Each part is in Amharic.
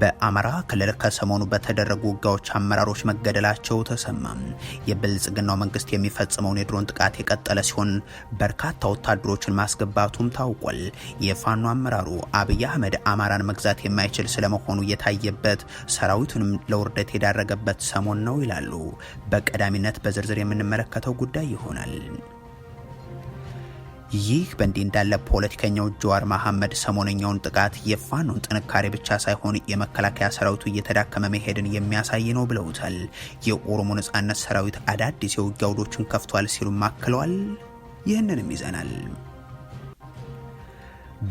በአማራ ክልል ከሰሞኑ በተደረጉ ውጊያዎች አመራሮች መገደላቸው ተሰማ። የብልጽግናው መንግስት የሚፈጽመውን የድሮን ጥቃት የቀጠለ ሲሆን በርካታ ወታደሮችን ማስገባቱም ታውቋል። የፋኖ አመራሩ አብይ አህመድ አማራን መግዛት የማይችል ስለመሆኑ እየታየበት ሰራዊቱንም ለውርደት የዳረገበት ሰሞን ነው ይላሉ። በቀዳሚነት በዝርዝር የምንመለከተው ጉዳይ ይሆናል። ይህ በእንዲህ እንዳለ ፖለቲከኛው ጀዋር መሐመድ ሰሞነኛውን ጥቃት የፋኖን ጥንካሬ ብቻ ሳይሆን የመከላከያ ሰራዊቱ እየተዳከመ መሄድን የሚያሳይ ነው ብለውታል። የኦሮሞ ነጻነት ሰራዊት አዳዲስ የውጊያ ውዶችን ከፍቷል ሲሉም አክለዋል። ይህንንም ይዘናል።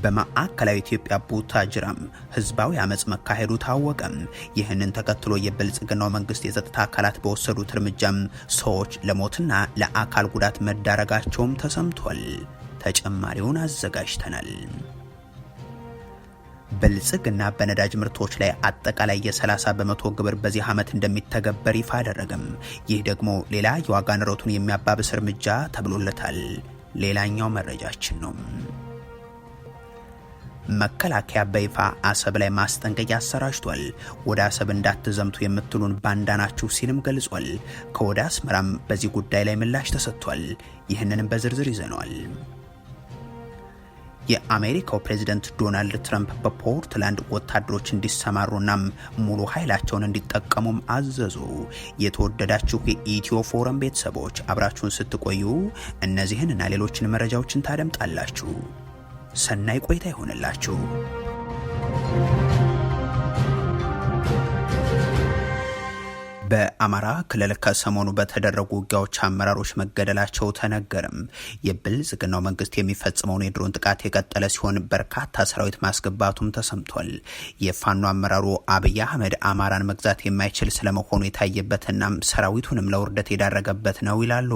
በማዕከላዊ ኢትዮጵያ ጅራም ህዝባዊ አመፅ መካሄዱ ታወቀም። ይህንን ተከትሎ የብልጽግናው መንግስት የጸጥታ አካላት በወሰዱት እርምጃም ሰዎች ለሞትና ለአካል ጉዳት መዳረጋቸውም ተሰምቷል። ተጨማሪውን አዘጋጅተናል። ብልጽግና በነዳጅ ምርቶች ላይ አጠቃላይ የ30 በመቶ ግብር በዚህ ዓመት እንደሚተገበር ይፋ አደረገም። ይህ ደግሞ ሌላ የዋጋ ንረቱን የሚያባብስ እርምጃ ተብሎለታል። ሌላኛው መረጃችን ነው። መከላከያ በይፋ አሰብ ላይ ማስጠንቀቂያ አሰራጅቷል። ወደ አሰብ እንዳትዘምቱ የምትሉን ባንዳ ናችሁ ሲልም ገልጿል። ከወደ አስመራም በዚህ ጉዳይ ላይ ምላሽ ተሰጥቷል። ይህንንም በዝርዝር ይዘነዋል። የአሜሪካው ፕሬዝደንት ዶናልድ ትራምፕ በፖርትላንድ ወታደሮች እንዲሰማሩና ሙሉ ኃይላቸውን እንዲጠቀሙም አዘዙ። የተወደዳችሁ የኢትዮ ፎረም ቤተሰቦች አብራችሁን ስትቆዩ እነዚህንና ሌሎችን መረጃዎችን ታደምጣላችሁ። ሰናይ ቆይታ ይሆንላችሁ። በአማራ ክልል ከሰሞኑ በተደረጉ ውጊያዎች አመራሮች መገደላቸው ተነገርም። የብልጽግናው መንግስት የሚፈጽመውን የድሮን ጥቃት የቀጠለ ሲሆን በርካታ ሰራዊት ማስገባቱም ተሰምቷል። የፋኖ አመራሩ አብይ አህመድ አማራን መግዛት የማይችል ስለመሆኑ የታየበትና ሰራዊቱንም ለውርደት የዳረገበት ነው ይላሉ።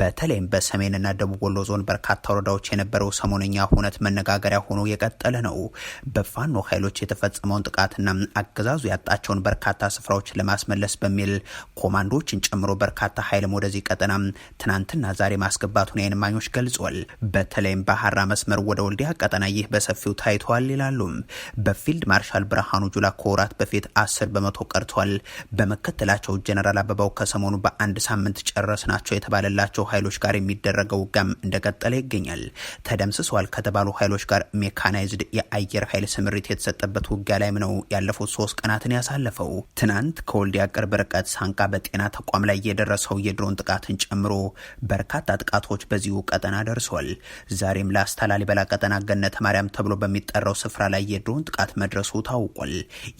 በተለይም በሰሜንና ደቡብ ወሎ ዞን በርካታ ወረዳዎች የነበረው ሰሞነኛ ሁነት መነጋገሪያ ሆኖ የቀጠለ ነው። በፋኖ ኃይሎች የተፈጸመውን ጥቃትና አገዛዙ ያጣቸውን በርካታ ስፍራዎች ለማስመለስ በሚል ኮማንዶችን ጨምሮ በርካታ ኃይልም ወደዚህ ቀጠና ትናንትና ዛሬ ማስገባቱን የዓይን እማኞች ገልጿል። በተለይም በሀራ መስመር ወደ ወልዲያ ቀጠና ይህ በሰፊው ታይቷል ይላሉ። በፊልድ ማርሻል ብርሃኑ ጁላ ከወራት በፊት አስር በመቶ ቀርቷል። በመከተላቸው ጀነራል አበባው ከሰሞኑ በአንድ ሳምንት ጨረስ ናቸው የተባለላቸው ኃይሎች ጋር የሚደረገው ውጋም እንደቀጠለ ይገኛል። ተደምስሰዋል ከተባሉ ኃይሎች ጋር ሜካናይዝድ የአየር ኃይል ስምሪት የተሰጠበት ውጊያ ላይም ነው ያለፉት ሶስት ቀናትን ያሳለፈው። ትናንት ከወልዲያ ቅርብ በርቀት ሳንቃ በጤና ተቋም ላይ የደረሰው የድሮን ጥቃትን ጨምሮ በርካታ ጥቃቶች በዚሁ ቀጠና ደርሷል። ዛሬም ላስታ ላሊበላ ቀጠና ገነተ ማርያም ተብሎ በሚጠራው ስፍራ ላይ የድሮን ጥቃት መድረሱ ታውቋል።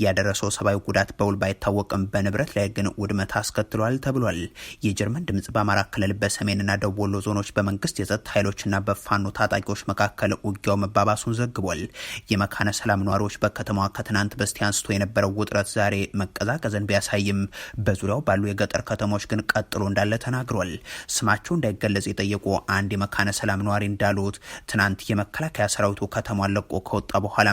ያደረሰው ሰብአዊ ጉዳት በውል ባይታወቅም በንብረት ላይ ግን ውድመት አስከትሏል ተብሏል። የጀርመን ድምጽ በአማራ ክልል በሰሜንና ደቡብ ወሎ ዞኖች በመንግስት የጸጥታ ኃይሎችና በፋኖ ታጣቂዎች መካከል ውጊያው መባባሱን ዘግቧል። የመካነ ሰላም ነዋሪዎች በከተማዋ ከትናንት በስቲያ አንስቶ የነበረው ውጥረት ዛሬ መቀዛቀዝን ቢያሳይም በዙሪያው ባሉ የገጠር ከተሞች ግን ቀጥሎ እንዳለ ተናግሯል። ስማቸው እንዳይገለጽ የጠየቁ አንድ የመካነ ሰላም ነዋሪ እንዳሉት ትናንት የመከላከያ ሰራዊቱ ከተማ ለቆ ከወጣ በኋላ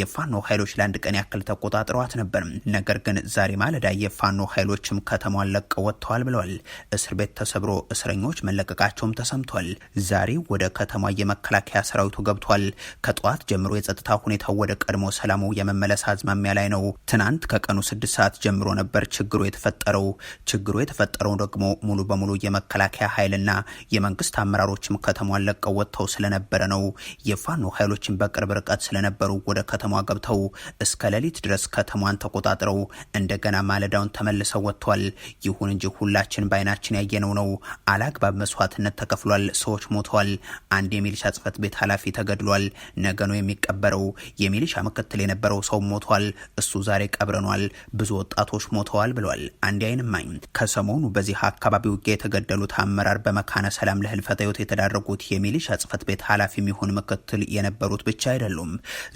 የፋኖ ኃይሎች ለአንድ ቀን ያክል ተቆጣጥረዋት ነበር። ነገር ግን ዛሬ ማለዳ የፋኖ ኃይሎችም ከተማ ለቀው ወጥተዋል ብለዋል። እስር ቤት ተሰብሮ እስረኞች መለቀቃቸውም ተሰምቷል። ዛሬ ወደ ከተማ የመከላከያ ሰራዊቱ ገብቷል። ከጠዋት ጀምሮ የጸጥታ ሁኔታው ወደ ቀድሞ ሰላሙ የመመለስ አዝማሚያ ላይ ነው። ትናንት ከቀኑ ስድስት ሰዓት ጀምሮ ነበር ችግሩ የተፈጠረው። ችግሩ የተፈጠረው ደግሞ ሙሉ በሙሉ የመከላከያ ኃይልና የመንግስት አመራሮችም ከተማዋን ለቀው ወጥተው ስለነበረ ነው። የፋኖ ኃይሎችን በቅርብ ርቀት ስለነበሩ ወደ ከተማ ገብተው እስከ ሌሊት ድረስ ከተማዋን ተቆጣጥረው እንደገና ማለዳውን ተመልሰው ወጥቷል። ይሁን እንጂ ሁላችን በአይናችን ያየነው ነው። አላግባብ መስዋዕትነት ተከፍሏል። ሰዎች ሞተዋል። አንድ የሚሊሻ ጽህፈት ቤት ኃላፊ ተገድሏል። ነገ ነው የሚቀበረው። የሚሊሻ ምክትል የነበረው ሰው ሞቷል። እሱ ዛሬ ቀብረኗል። ብዙ ወጣቶች ሞተዋል ብሏል። ተናግረዋል። አንድ አይንማኝ ከሰሞኑ በዚህ አካባቢ ውጊያ የተገደሉት አመራር በመካነ ሰላም ለህልፈተ ህይወት የተዳረጉት የሚሊሻ ጽህፈት ቤት ኃላፊ የሚሆን ምክትል የነበሩት ብቻ አይደሉም።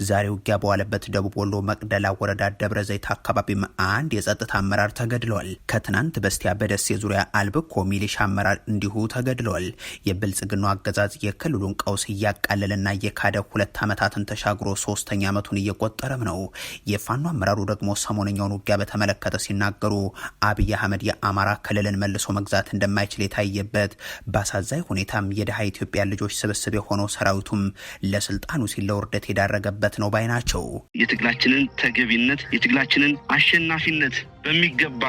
ዛሬ ውጊያ በዋለበት ደቡብ ወሎ መቅደላ ወረዳ ደብረ ዘይት አካባቢም አንድ የጸጥታ አመራር ተገድለዋል። ከትናንት በስቲያ በደሴ ዙሪያ አልብኮ ሚሊሻ አመራር እንዲሁ ተገድለዋል። የብልጽግናው አገዛዝ የክልሉን ቀውስ እያቃለለና የካደ ሁለት ዓመታትን ተሻግሮ ሶስተኛ ዓመቱን እየቆጠረም ነው። የፋኖ አመራሩ ደግሞ ሰሞነኛውን ውጊያ በተመለከተ ሲናገሩ አብይ አህመድ የአማራ ክልልን መልሶ መግዛት እንደማይችል የታየበት በአሳዛኝ ሁኔታም የድሃ ኢትዮጵያ ልጆች ስብስብ የሆነው ሰራዊቱም ለስልጣኑ ሲል ለውርደት የዳረገበት ነው ባይ ናቸው። የትግላችንን ተገቢነት የትግላችንን አሸናፊነት በሚገባ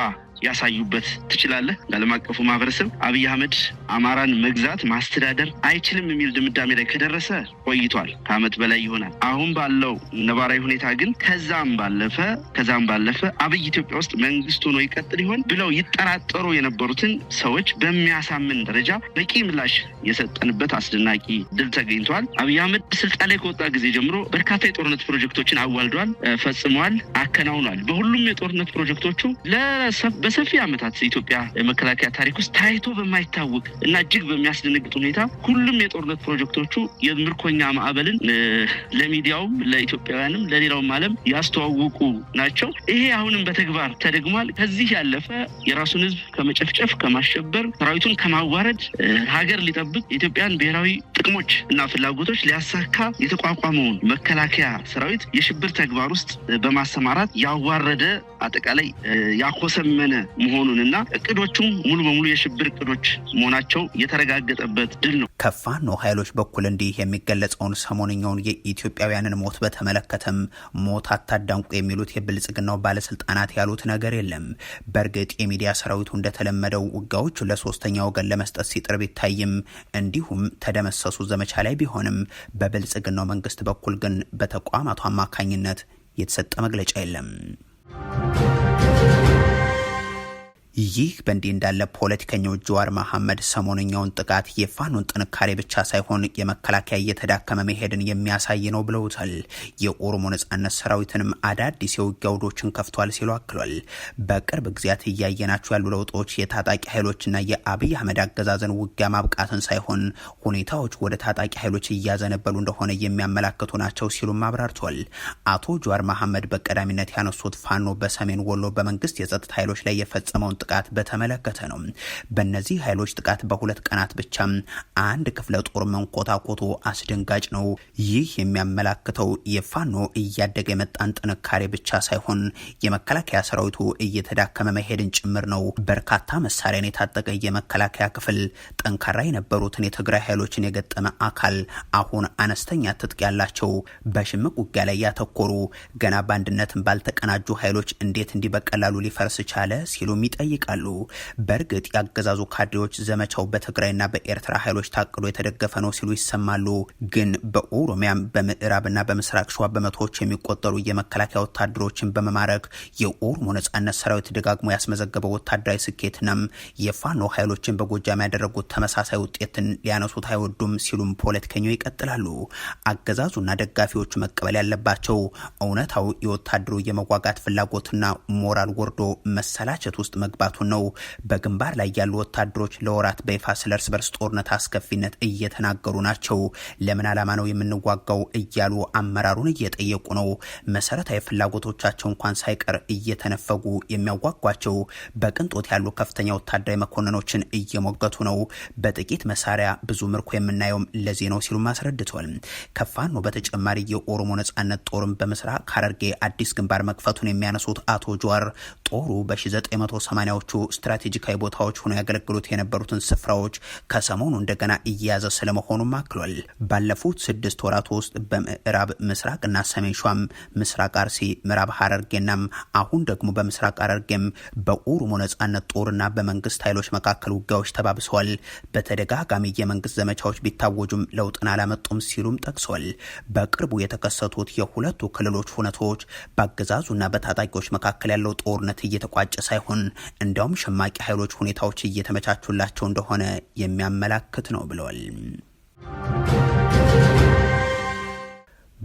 ያሳዩበት ትችላለህ። ለዓለም አቀፉ ማህበረሰብ አብይ አህመድ አማራን መግዛት ማስተዳደር አይችልም የሚል ድምዳሜ ላይ ከደረሰ ቆይቷል፣ ከዓመት በላይ ይሆናል። አሁን ባለው ነባራዊ ሁኔታ ግን ከዛም ባለፈ ከዛም ባለፈ አብይ ኢትዮጵያ ውስጥ መንግስት ሆኖ ይቀጥል ይሆን ብለው ይጠራጠሩ የነበሩትን ሰዎች በሚያሳምን ደረጃ በቂ ምላሽ የሰጠንበት አስደናቂ ድል ተገኝተዋል። አብይ አህመድ ስልጣን ላይ ከወጣ ጊዜ ጀምሮ በርካታ የጦርነት ፕሮጀክቶችን አዋልዷል፣ ፈጽመዋል፣ አከናውኗል። በሁሉም የጦርነት ፕሮጀክቶቹ በሰፊ ዓመታት ኢትዮጵያ መከላከያ ታሪክ ውስጥ ታይቶ በማይታወቅ እና እጅግ በሚያስደነግጥ ሁኔታ ሁሉም የጦርነት ፕሮጀክቶቹ የምርኮኛ ማዕበልን ለሚዲያውም ለኢትዮጵያውያንም ለሌላውም ዓለም ያስተዋወቁ ናቸው። ይሄ አሁንም በተግባር ተደግሟል። ከዚህ ያለፈ የራሱን ህዝብ ከመጨፍጨፍ ከማሸበር፣ ሰራዊቱን ከማዋረድ ሀገር ሊጠብቅ የኢትዮጵያን ብሔራዊ ጥቅሞች እና ፍላጎቶች ሊያሳካ የተቋቋመውን መከላከያ ሰራዊት የሽብር ተግባር ውስጥ በማሰማራት ያዋረደ አጠቃላይ ያኮሰመነ መሆኑንና እቅዶቹም ሙሉ በሙሉ የሽብር እቅዶች መሆናቸው የተረጋገጠበት ድል ነው። ከፋኖ ኃይሎች በኩል እንዲህ የሚገለጸውን ሰሞንኛውን የኢትዮጵያውያንን ሞት በተመለከተም ሞት አታዳንቁ የሚሉት የብልጽግናው ባለስልጣናት ያሉት ነገር የለም። በእርግጥ የሚዲያ ሰራዊቱ እንደተለመደው ውጋዎች ለሶስተኛ ወገን ለመስጠት ሲጥር ቢታይም እንዲሁም ተደመሰሱ ዘመቻ ላይ ቢሆንም በብልጽግናው መንግስት በኩል ግን በተቋማቱ አማካኝነት የተሰጠ መግለጫ የለም። ይህ በእንዲህ እንዳለ ፖለቲከኛው ጀዋር መሐመድ ሰሞነኛውን ጥቃት የፋኖን ጥንካሬ ብቻ ሳይሆን የመከላከያ እየተዳከመ መሄድን የሚያሳይ ነው ብለውታል። የኦሮሞ ነጻነት ሰራዊትንም አዳዲስ የውጊያ ውዶችን ከፍቷል ሲሉ አክሏል። በቅርብ ጊዜያት እያየናቸው ያሉ ለውጦች የታጣቂ ኃይሎችና የአብይ አህመድ አገዛዝን ውጊያ ማብቃትን ሳይሆን ሁኔታዎች ወደ ታጣቂ ኃይሎች እያዘነበሉ እንደሆነ የሚያመላክቱ ናቸው ሲሉም አብራርቷል። አቶ ጀዋር መሐመድ በቀዳሚነት ያነሱት ፋኖ በሰሜን ወሎ በመንግስት የጸጥታ ኃይሎች ላይ የፈጸመውን ጥቃት በተመለከተ ነው። በእነዚህ ኃይሎች ጥቃት በሁለት ቀናት ብቻ አንድ ክፍለ ጦር መንኮታኮቱ አስደንጋጭ ነው። ይህ የሚያመላክተው የፋኖ እያደገ የመጣን ጥንካሬ ብቻ ሳይሆን የመከላከያ ሰራዊቱ እየተዳከመ መሄድን ጭምር ነው። በርካታ መሳሪያን የታጠቀ የመከላከያ ክፍል ጠንካራ የነበሩትን የትግራይ ኃይሎችን የገጠመ አካል አሁን አነስተኛ ትጥቅ ያላቸው በሽምቅ ውጊያ ላይ ያተኮሩ ገና በአንድነትን ባልተቀናጁ ኃይሎች እንዴት እንዲህ በቀላሉ ሊፈርስ ቻለ ሲሉም ይጠይቃል። ይጠይቃሉ። በእርግጥ የአገዛዙ ካድሬዎች ዘመቻው በትግራይና በኤርትራ ኃይሎች ታቅዶ የተደገፈ ነው ሲሉ ይሰማሉ። ግን በኦሮሚያም በምዕራብና በምስራቅ ሸዋ በመቶዎች የሚቆጠሩ የመከላከያ ወታደሮችን በመማረክ የኦሮሞ ነጻነት ሰራዊት ደጋግሞ ያስመዘገበው ወታደራዊ ስኬትናም የፋኖ ኃይሎችን በጎጃም ያደረጉት ተመሳሳይ ውጤትን ሊያነሱት አይወዱም ሲሉም ፖለቲከኛው ይቀጥላሉ። አገዛዙና ደጋፊዎቹ መቀበል ያለባቸው እውነታው የወታደሩ የመዋጋት ፍላጎትና ሞራል ወርዶ መሰላቸት ውስጥ መግባት መግባቱን ነው። በግንባር ላይ ያሉ ወታደሮች ለወራት በይፋ ስለ እርስ በርስ ጦርነት አስከፊነት እየተናገሩ ናቸው። ለምን ዓላማ ነው የምንዋጋው እያሉ አመራሩን እየጠየቁ ነው። መሰረታዊ ፍላጎቶቻቸው እንኳን ሳይቀር እየተነፈጉ የሚያዋጓቸው በቅንጦት ያሉ ከፍተኛ ወታደራዊ መኮንኖችን እየሞገቱ ነው። በጥቂት መሳሪያ ብዙ ምርኮ የምናየውም ለዚህ ነው ሲሉም አስረድቷል። ከፋኖ በተጨማሪ የኦሮሞ ነጻነት ጦርም በምስራቅ ሐረርጌ አዲስ ግንባር መክፈቱን የሚያነሱት አቶ ጀዋር ጦሩ በ1980 የመጀመሪያዎቹ ስትራቴጂካዊ ቦታዎች ሆነው ያገለግሉት የነበሩትን ስፍራዎች ከሰሞኑ እንደገና እየያዘ ስለመሆኑም አክሏል። ባለፉት ስድስት ወራት ውስጥ በምዕራብ ምስራቅና ሰሜን ሸዋም፣ ምስራቅ አርሲ፣ ምዕራብ ሐረርጌናም አሁን ደግሞ በምስራቅ ሐረርጌም በኦሮሞ ነጻነት ጦርና በመንግስት ኃይሎች መካከል ውጊያዎች ተባብሰዋል። በተደጋጋሚ የመንግስት ዘመቻዎች ቢታወጁም ለውጥን አላመጡም ሲሉም ጠቅሰዋል። በቅርቡ የተከሰቱት የሁለቱ ክልሎች ሁነቶች በአገዛዙና በታጣቂዎች መካከል ያለው ጦርነት እየተቋጨ ሳይሆን እንዲያውም ሸማቂ ኃይሎች ሁኔታዎች እየተመቻቹላቸው እንደሆነ የሚያመላክት ነው ብለዋል።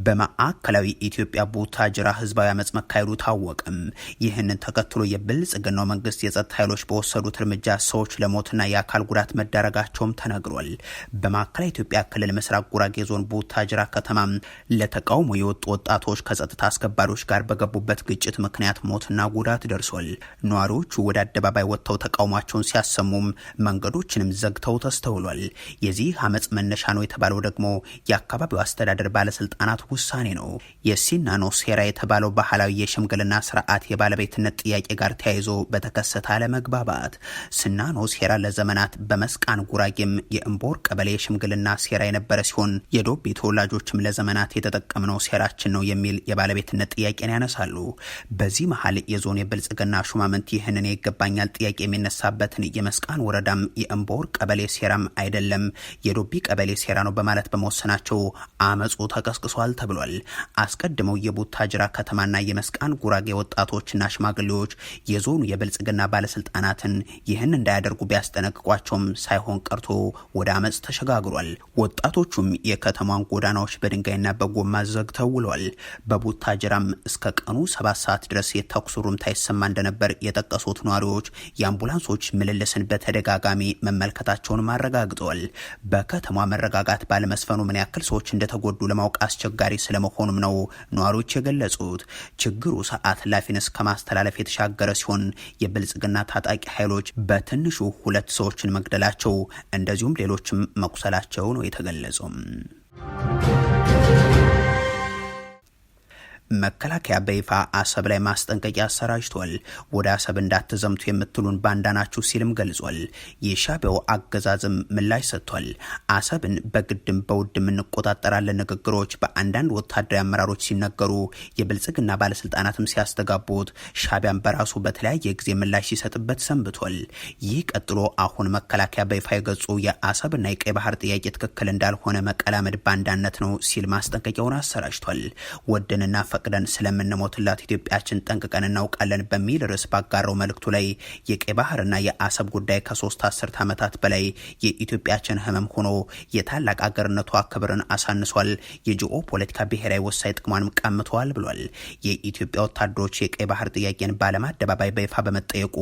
በማዕከላዊ ኢትዮጵያ ቡታጅራ ህዝባዊ አመፅ መካሄዱ ታወቅም። ይህንን ተከትሎ የብልጽግናው መንግስት የጸጥታ ኃይሎች በወሰዱት እርምጃ ሰዎች ለሞትና የአካል ጉዳት መዳረጋቸውም ተነግሯል። በማዕከላዊ ኢትዮጵያ ክልል ምስራቅ ጉራጌ ዞን ቡታጅራ ከተማ ለተቃውሞ የወጡ ወጣቶች ከጸጥታ አስከባሪዎች ጋር በገቡበት ግጭት ምክንያት ሞትና ጉዳት ደርሷል። ነዋሪዎቹ ወደ አደባባይ ወጥተው ተቃውሟቸውን ሲያሰሙም መንገዶችንም ዘግተው ተስተውሏል። የዚህ አመፅ መነሻ ነው የተባለው ደግሞ የአካባቢው አስተዳደር ባለስልጣናት ውሳኔ ነው። የሲናኖ ሴራ የተባለው ባህላዊ የሽምግልና ስርዓት የባለቤትነት ጥያቄ ጋር ተያይዞ በተከሰተ አለመግባባት ሲናኖ ሴራ ለዘመናት በመስቃን ጉራጌም የእምቦር ቀበሌ የሽምግልና ሴራ የነበረ ሲሆን የዶቤ ተወላጆችም ለዘመናት የተጠቀምነው ሴራችን ነው የሚል የባለቤትነት ጥያቄን ያነሳሉ። በዚህ መሀል የዞን የብልጽግና ሹማምንት ይህንን ይገባኛል ጥያቄ የሚነሳበትን የመስቃን ወረዳም የእምቦር ቀበሌ ሴራም አይደለም የዶቢ ቀበሌ ሴራ ነው በማለት በመወሰናቸው አመፁ ተቀስቅሷል ተገኝተዋል ተብሏል። አስቀድመው የቡታጅራ ከተማና የመስቃን ጉራጌ ወጣቶችና ሽማግሌዎች የዞኑ የብልጽግና ባለስልጣናትን ይህን እንዳያደርጉ ቢያስጠነቅቋቸውም ሳይሆን ቀርቶ ወደ አመፅ ተሸጋግሯል። ወጣቶቹም የከተማን ጎዳናዎች በድንጋይና በጎማ ዘግተው ውለዋል። በቡታጅራም እስከ ቀኑ ሰባት ሰዓት ድረስ የተኩስ ሩምታ ይሰማ እንደነበር የጠቀሱት ነዋሪዎች የአምቡላንሶች ምልልስን በተደጋጋሚ መመልከታቸውን አረጋግጠዋል። በከተማ መረጋጋት ባለመስፈኑ ምን ያክል ሰዎች እንደተጎዱ ለማወቅ አስቸግ አስቸጋሪ ስለመሆኑም ነው ነዋሪዎች የገለጹት። ችግሩ ሰዓት ላፊነስ ከማስተላለፍ የተሻገረ ሲሆን የብልጽግና ታጣቂ ኃይሎች በትንሹ ሁለት ሰዎችን መግደላቸው እንደዚሁም ሌሎችም መቁሰላቸው ነው የተገለጹም። መከላከያ በይፋ አሰብ ላይ ማስጠንቀቂያ አሰራጅቷል። ወደ አሰብ እንዳትዘምቱ የምትሉን ባንዳ ናችሁ ሲልም ገልጿል። የሻቢያው አገዛዝም ምላሽ ሰጥቷል። አሰብን በግድም በውድም እንቆጣጠራለን ንግግሮች በአንዳንድ ወታደራዊ አመራሮች ሲነገሩ፣ የብልጽግና ባለስልጣናትም ሲያስተጋቡት፣ ሻቢያን በራሱ በተለያየ ጊዜ ምላሽ ሲሰጥበት ሰንብቷል። ይህ ቀጥሎ አሁን መከላከያ በይፋ የገጹ የአሰብና የቀይ ባህር ጥያቄ ትክክል እንዳልሆነ መቀላመድ ባንዳነት ነው ሲል ማስጠንቀቂያውን አሰራጅቷል። ወደንና ፈቅደን ስለምንሞትላት ኢትዮጵያችን ጠንቅቀን እናውቃለን በሚል ርዕስ ባጋረው መልእክቱ ላይ የቀይ ባህርና የአሰብ ጉዳይ ከሶስት አስርት ዓመታት በላይ የኢትዮጵያችን ህመም ሆኖ የታላቅ አገርነቷ ክብርን አሳንሷል፣ የጂኦ ፖለቲካ ብሔራዊ ወሳኝ ጥቅሟንም ቀምተዋል ብሏል። የኢትዮጵያ ወታደሮች የቀይ ባህር ጥያቄን በዓለም አደባባይ በይፋ በመጠየቁ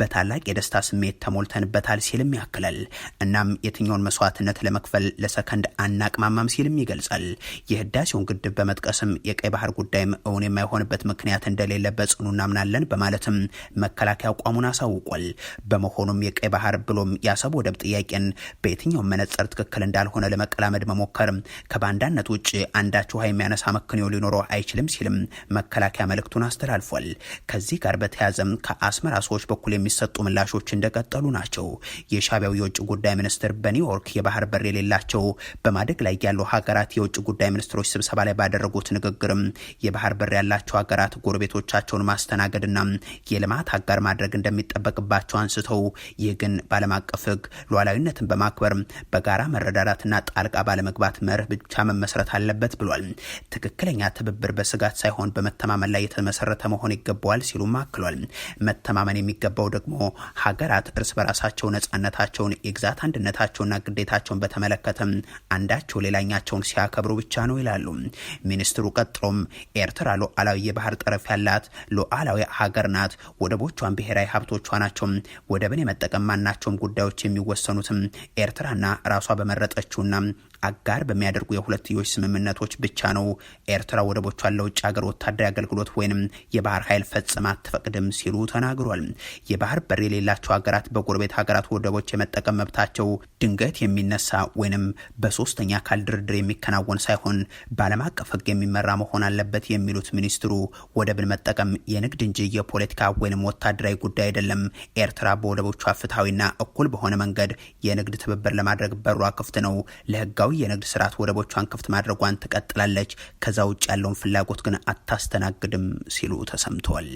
በታላቅ የደስታ ስሜት ተሞልተንበታል ሲልም ያክላል። እናም የትኛውን መስዋዕትነት ለመክፈል ለሰከንድ አናቅማማም ሲልም ይገልጻል። የህዳሴውን ግድብ በመጥቀስም የቀይ ባህር ጉዳይ ጉዳይም እውን የማይሆንበት ምክንያት እንደሌለ በጽኑ እናምናለን በማለትም መከላከያ አቋሙን አሳውቋል። በመሆኑም የቀይ ባህር ብሎም የአሰብ ወደብ ጥያቄን በየትኛውም መነጽር ትክክል እንዳልሆነ ለመቀላመድ መሞከር ከባንዳነት ውጭ አንዳች ውሃ የሚያነሳ መክንዮ ሊኖረው አይችልም ሲልም መከላከያ መልእክቱን አስተላልፏል። ከዚህ ጋር በተያያዘም ከአስመራ ሰዎች በኩል የሚሰጡ ምላሾች እንደቀጠሉ ናቸው። የሻቢያው የውጭ ጉዳይ ሚኒስትር በኒውዮርክ የባህር በር የሌላቸው በማደግ ላይ ያሉ ሀገራት የውጭ ጉዳይ ሚኒስትሮች ስብሰባ ላይ ባደረጉት ንግግርም የባህር በር ያላቸው ሀገራት ጎረቤቶቻቸውን ማስተናገድና የልማት አጋር ማድረግ እንደሚጠበቅባቸው አንስተው ይህ ግን በዓለም አቀፍ ሕግ ሉዓላዊነትን በማክበር በጋራ መረዳዳትና ጣልቃ ባለመግባት መርህ ብቻ መመስረት አለበት ብሏል። ትክክለኛ ትብብር በስጋት ሳይሆን በመተማመን ላይ የተመሰረተ መሆን ይገባዋል ሲሉም አክሏል። መተማመን የሚገባው ደግሞ ሀገራት እርስ በራሳቸው ነጻነታቸውን፣ የግዛት አንድነታቸውና ግዴታቸውን በተመለከተ አንዳቸው ሌላኛቸውን ሲያከብሩ ብቻ ነው ይላሉ ሚኒስትሩ። ቀጥሎም ኤርትራ ሉዓላዊ የባህር ጠረፍ ያላት ሉዓላዊ ሀገር ናት። ወደቦቿን ብሔራዊ ሀብቶቿ ናቸው። ወደብን የመጠቀም ማናቸውም ጉዳዮች የሚወሰኑትም ኤርትራና ራሷ በመረጠችውና አጋር በሚያደርጉ የሁለትዮሽ ስምምነቶች ብቻ ነው ኤርትራ ወደቦቿን ለውጭ ሀገር ወታደራዊ አገልግሎት ወይንም የባህር ኃይል ፈጽማ አትፈቅድም ሲሉ ተናግሯል። የባህር በር የሌላቸው ሀገራት በጎረቤት ሀገራት ወደቦች የመጠቀም መብታቸው ድንገት የሚነሳ ወይንም በሶስተኛ አካል ድርድር የሚከናወን ሳይሆን በዓለም አቀፍ ሕግ የሚመራ መሆን አለበት የሚሉት ሚኒስትሩ ወደብን መጠቀም የንግድ እንጂ የፖለቲካ ወይንም ወታደራዊ ጉዳይ አይደለም። ኤርትራ በወደቦቿ ፍትሐዊና እኩል በሆነ መንገድ የንግድ ትብብር ለማድረግ በሯ ክፍት ነው ለህጋዊ ሉዓላዊ የንግድ ስርዓት ወደቦቿን ክፍት ማድረጓን ትቀጥላለች፣ ከዛ ውጭ ያለውን ፍላጎት ግን አታስተናግድም ሲሉ ተሰምቷል።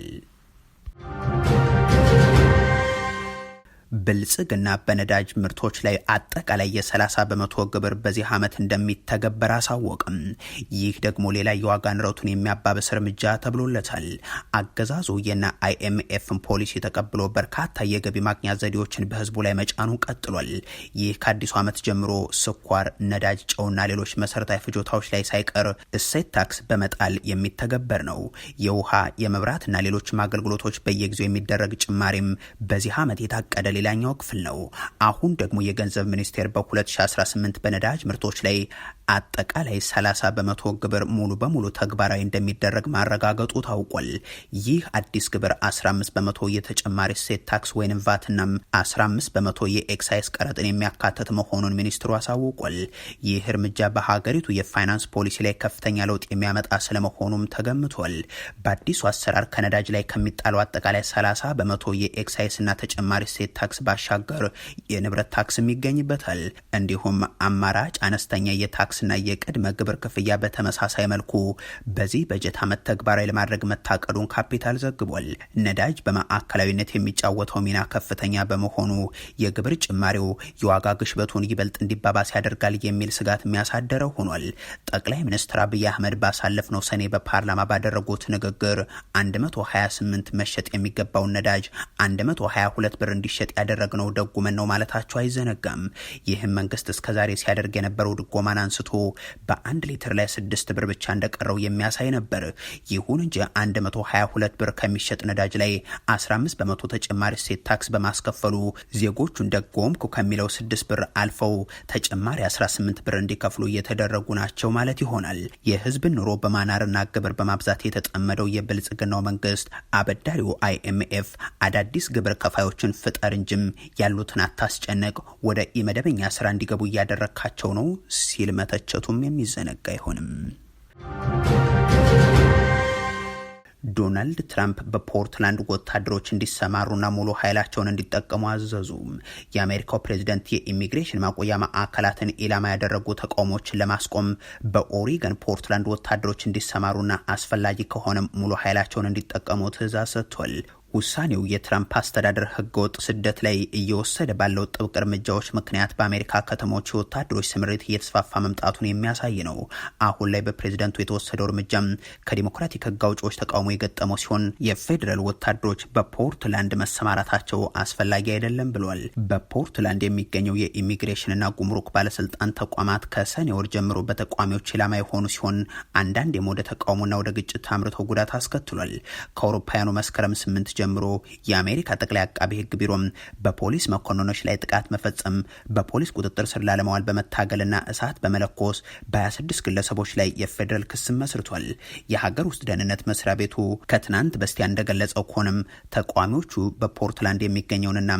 ብልጽግና በነዳጅ ምርቶች ላይ አጠቃላይ የ30 በመቶ ግብር በዚህ ዓመት እንደሚተገበር አሳወቅም። ይህ ደግሞ ሌላ የዋጋ ንረቱን የሚያባብስ እርምጃ ተብሎለታል። አገዛዙ የና አይኤምኤፍን ፖሊሲ ተቀብሎ በርካታ የገቢ ማግኛ ዘዴዎችን በህዝቡ ላይ መጫኑ ቀጥሏል። ይህ ከአዲሱ ዓመት ጀምሮ ስኳር፣ ነዳጅ፣ ጨውና ሌሎች መሰረታዊ ፍጆታዎች ላይ ሳይቀር እሴት ታክስ በመጣል የሚተገበር ነው። የውሃ የመብራትና ሌሎችም አገልግሎቶች በየጊዜው የሚደረግ ጭማሪም በዚህ ዓመት የታቀደ ሌላኛው ክፍል ነው። አሁን ደግሞ የገንዘብ ሚኒስቴር በ2018 በነዳጅ ምርቶች ላይ አጠቃላይ 30 በመቶ ግብር ሙሉ በሙሉ ተግባራዊ እንደሚደረግ ማረጋገጡ ታውቋል። ይህ አዲስ ግብር 15 በመቶ የተጨማሪ ሴት ታክስ ወይም ቫትና 15 በመቶ የኤክሳይዝ ቀረጥን የሚያካትት መሆኑን ሚኒስትሩ አሳውቋል። ይህ እርምጃ በሀገሪቱ የፋይናንስ ፖሊሲ ላይ ከፍተኛ ለውጥ የሚያመጣ ስለመሆኑም ተገምቷል። በአዲሱ አሰራር ከነዳጅ ላይ ከሚጣለው አጠቃላይ 30 በመቶ የኤክሳይዝና ተጨማሪ ሴት ታክስ ባሻገር የንብረት ታክስም ይገኝበታል። እንዲሁም አማራጭ አነስተኛ የታክስ ታክስና የቅድመ ግብር ክፍያ በተመሳሳይ መልኩ በዚህ በጀት ዓመት ተግባራዊ ለማድረግ መታቀዱን ካፒታል ዘግቧል። ነዳጅ በማዕከላዊነት የሚጫወተው ሚና ከፍተኛ በመሆኑ የግብር ጭማሪው የዋጋ ግሽበቱን ይበልጥ እንዲባባስ ያደርጋል የሚል ስጋት የሚያሳደረው ሆኗል። ጠቅላይ ሚኒስትር አብይ አህመድ ባሳለፍነው ሰኔ በፓርላማ ባደረጉት ንግግር 128 መሸጥ የሚገባውን ነዳጅ 122 ብር እንዲሸጥ ያደረግነው ደጉመን ነው ማለታቸው አይዘነጋም። ይህም መንግስት እስከዛሬ ሲያደርግ የነበረው ድጎማን አንስቶ አንስቶ በአንድ ሊትር ላይ ስድስት ብር ብቻ እንደቀረው የሚያሳይ ነበር። ይሁን እንጂ 122 ብር ከሚሸጥ ነዳጅ ላይ 15 በመቶ ተጨማሪ እሴት ታክስ በማስከፈሉ ዜጎቹ ደጎምኩ ከሚለው ስድስት ብር አልፈው ተጨማሪ 18 ብር እንዲከፍሉ እየተደረጉ ናቸው ማለት ይሆናል። የህዝብን ኑሮ በማናርና ግብር በማብዛት የተጠመደው የብልጽግናው መንግስት አበዳሪው አይኤምኤፍ አዳዲስ ግብር ከፋዮችን ፍጠር እንጂም ያሉትን አታስጨነቅ፣ ወደ ኢመደበኛ ስራ እንዲገቡ እያደረካቸው ነው ሲል መተ መተቸቱም የሚዘነጋ አይሆንም። ዶናልድ ትራምፕ በፖርትላንድ ወታደሮች እንዲሰማሩና ሙሉ ኃይላቸውን እንዲጠቀሙ አዘዙ። የአሜሪካው ፕሬዝደንት የኢሚግሬሽን ማቆያ ማዕከላትን ኢላማ ያደረጉ ተቃውሞችን ለማስቆም በኦሪገን ፖርትላንድ ወታደሮች እንዲሰማሩና አስፈላጊ ከሆነም ሙሉ ኃይላቸውን እንዲጠቀሙ ትዕዛዝ ሰጥቷል። ውሳኔው የትራምፕ አስተዳደር ህገወጥ ስደት ላይ እየወሰደ ባለው ጥብቅ እርምጃዎች ምክንያት በአሜሪካ ከተሞች የወታደሮች ስምሪት እየተስፋፋ መምጣቱን የሚያሳይ ነው። አሁን ላይ በፕሬዝደንቱ የተወሰደው እርምጃም ከዲሞክራቲክ ህግ አውጪዎች ተቃውሞ የገጠመው ሲሆን የፌዴራል ወታደሮች በፖርትላንድ መሰማራታቸው አስፈላጊ አይደለም ብሏል። በፖርትላንድ የሚገኘው የኢሚግሬሽንና ጉምሩክ ባለስልጣን ተቋማት ከሰኔ ወር ጀምሮ በተቃዋሚዎች ኢላማ የሆኑ ሲሆን አንዳንዴም ወደ ተቃውሞና ወደ ግጭት አምርተው ጉዳት አስከትሏል። ከአውሮፓውያኑ መስከረም ስምንት ጀምሮ የአሜሪካ ጠቅላይ አቃቤ ሕግ ቢሮም በፖሊስ መኮንኖች ላይ ጥቃት መፈጸም በፖሊስ ቁጥጥር ስር ላለመዋል በመታገልና እሳት በመለኮስ በ26 ግለሰቦች ላይ የፌዴራል ክስ መስርቷል። የሀገር ውስጥ ደህንነት መስሪያ ቤቱ ከትናንት በስቲያ እንደገለጸው ከሆነም ተቃዋሚዎቹ በፖርትላንድ የሚገኘውንና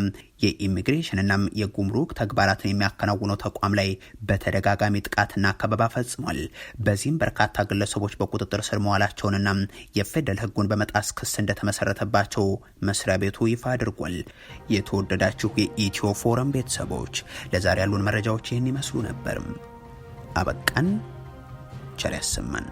የኢሚግሬሽንና የጉምሩክ ተግባራትን የሚያከናውነው ተቋም ላይ በተደጋጋሚ ጥቃትና ከበባ ፈጽሟል። በዚህም በርካታ ግለሰቦች በቁጥጥር ስር መዋላቸውንና የፌደራል ሕጉን በመጣስ ክስ እንደተመሰረተባቸው መስሪያ ቤቱ ይፋ አድርጓል። የተወደዳችሁ የኢትዮ ፎረም ቤተሰቦች ለዛሬ ያሉን መረጃዎች ይህን ይመስሉ ነበር። አበቃን። ቸር ያሰማን።